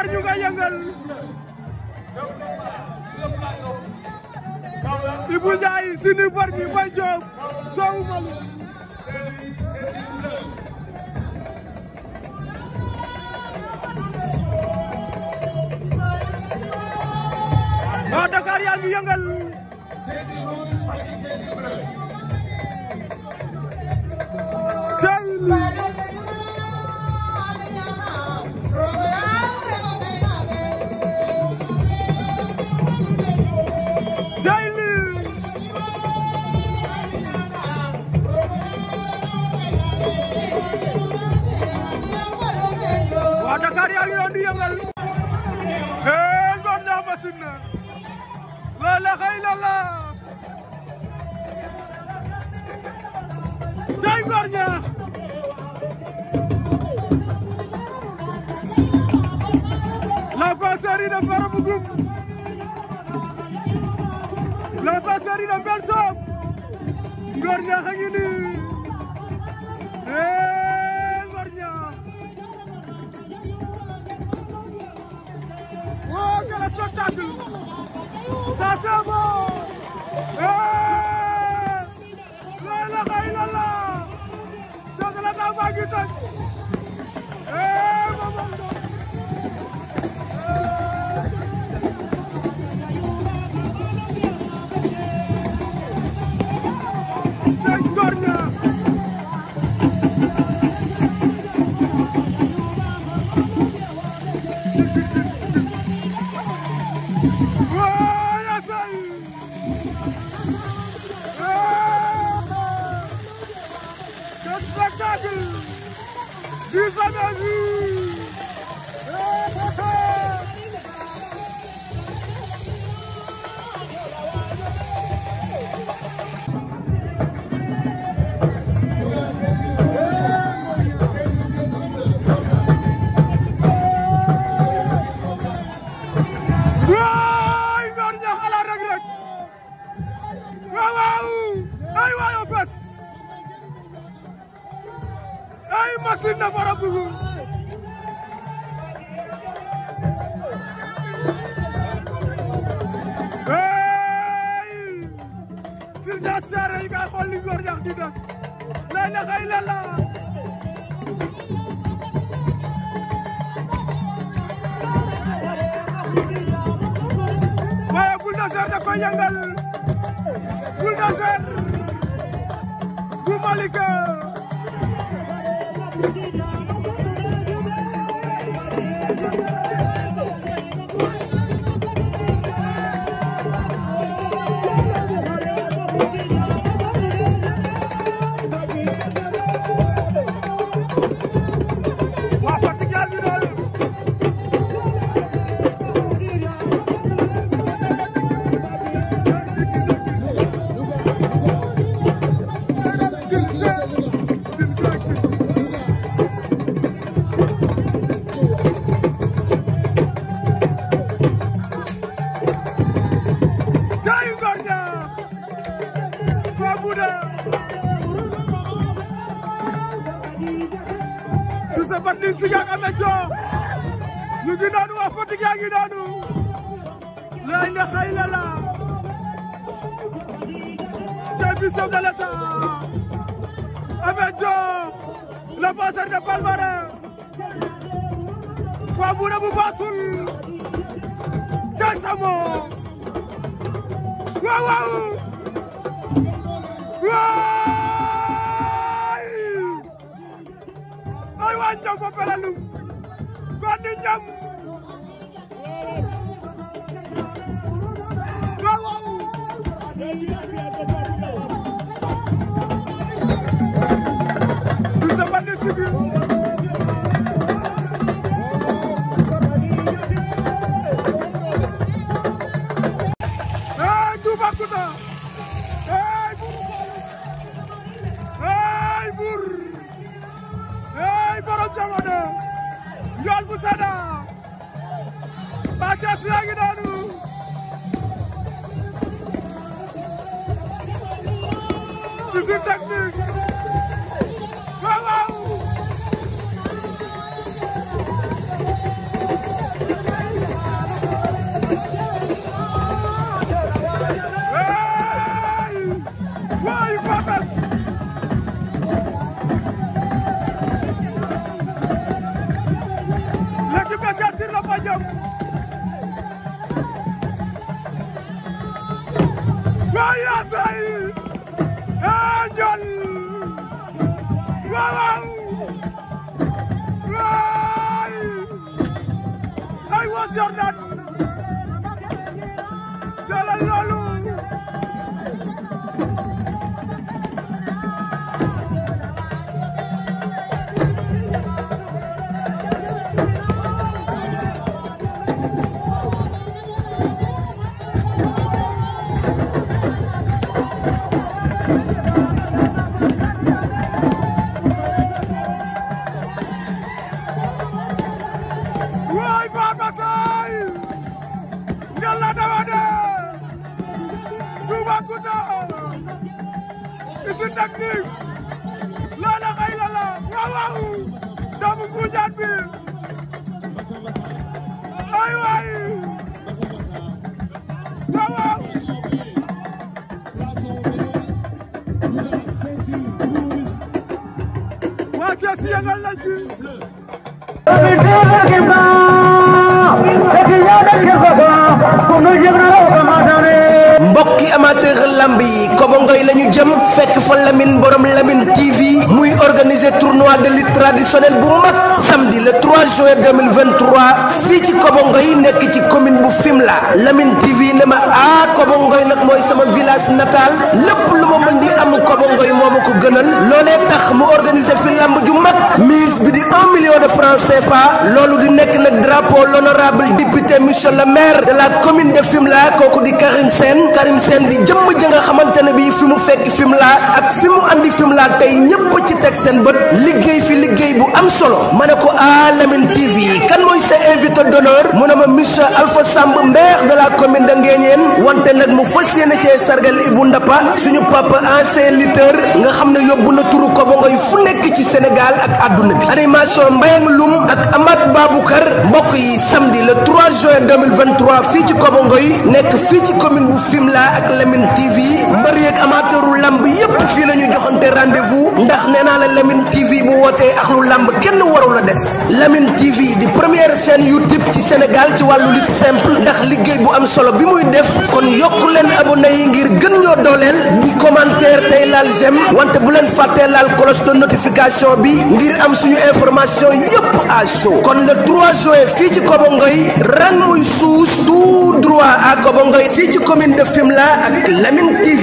besar juga yang gal. Ibu jai sini pergi banjok. Sawu malu. Ada karya yang gal. Sedih, sedih, sedih, sedih, cay Ngor Ñaax la passerie de Fara Bougoum la passerie de Mbel Sob Ngor Ñaax ee Ngor woo quel spectacle ça c'est ee la ilaha Gornia! Viva Brasil! góor ñax di def la ilaha illallah waaye bulldozer da koy yëngal bulldozer bu Malika Fouta du sa bat ni Siga ak Ameth Thion ñu ngi noonu waa Fatick yaa ngi noonu la ilaha illallah service de l'État Ameth Thion le passeur de Palmarin waa bu bu baasul ca samo waaw waaw waay ay waa Ndiog ba Pelalu kon di Ndiog Kastamonu'da yol bu sana. Merkezine gidelim. Bizim teknik. Rose Jordan jëlal loolu fi takbir laa ilaaha illallaah waaw waaw doomu Buujaan bi ay waay waaw waaw waa Kees yëngal nañ fi Comité de l'équipe, c'est qu'il y a des équipes, pour nous dire mbokki amateur lambi yi kobongoy lañu jëm fekk fa Lamine borom Lamine TV muy organiser tournoi de lutte traditionnelle bu mag samedi le 3 juin 2023 fi ci kobongoy nek ci commune bu fimla Lamine TV ne ma ah kobongoy nak moy sama village natal lepp plus ma mën di am kobongoy moo mon ko gënal L'olé tax mu organiser fi lamb ju mag mise bi di 1 million de francs CFA lolou di nek nak drapeau l'honorable député monsieur le maire de la commune de fimla kooku di Karim sen Karim sen texteem di jëmm ji nga xamante ne bii fi mu fekk fi mu laa ak fi mu indi fi mu laa tey ñëpp ci teg seen bët liggéey fi liggéey bu am solo ma ne ko ah Lamine TV kan mooy sa invité d'honneur mu ne ma monsieur Alpha Samb maire de la commune de Nguéniène wante nag mu fas yéene cee sargal Ibou Ndapha suñu papa ancien lutteur nga xam ne yóbbu na turu Kobangoy fu nekk ci Sénégal ak àdduna bi animation Mbayang Loum ak Amath Baboukar mbokk yi samedi le 3 juin 2023 fii ci Kobangoy nekk fii ci commune bu Fimela ak Lamine TV mbër yeeg amateuru lamb yépp fii la ñu joxante rendez-vous ndax nee naa la Lamine TV bu wootee ak lu lamb kenn waru la des Lamine TV di première chaîne YouTube ci Sénégal ci wàllu lutte simple ndax liggéey bu am solo bi muy def kon yokk leen abonné yi ngir gën ñoo dooleel di commentaire tey laal j'aime wante bu leen fàttee laal cloche de notification bi ngir am suñu information yépp à chaud kon le 3 juin fii ci Kobongoy rang muy suus tout droit à Kobongoy commune de Fimela ak Lamyn TV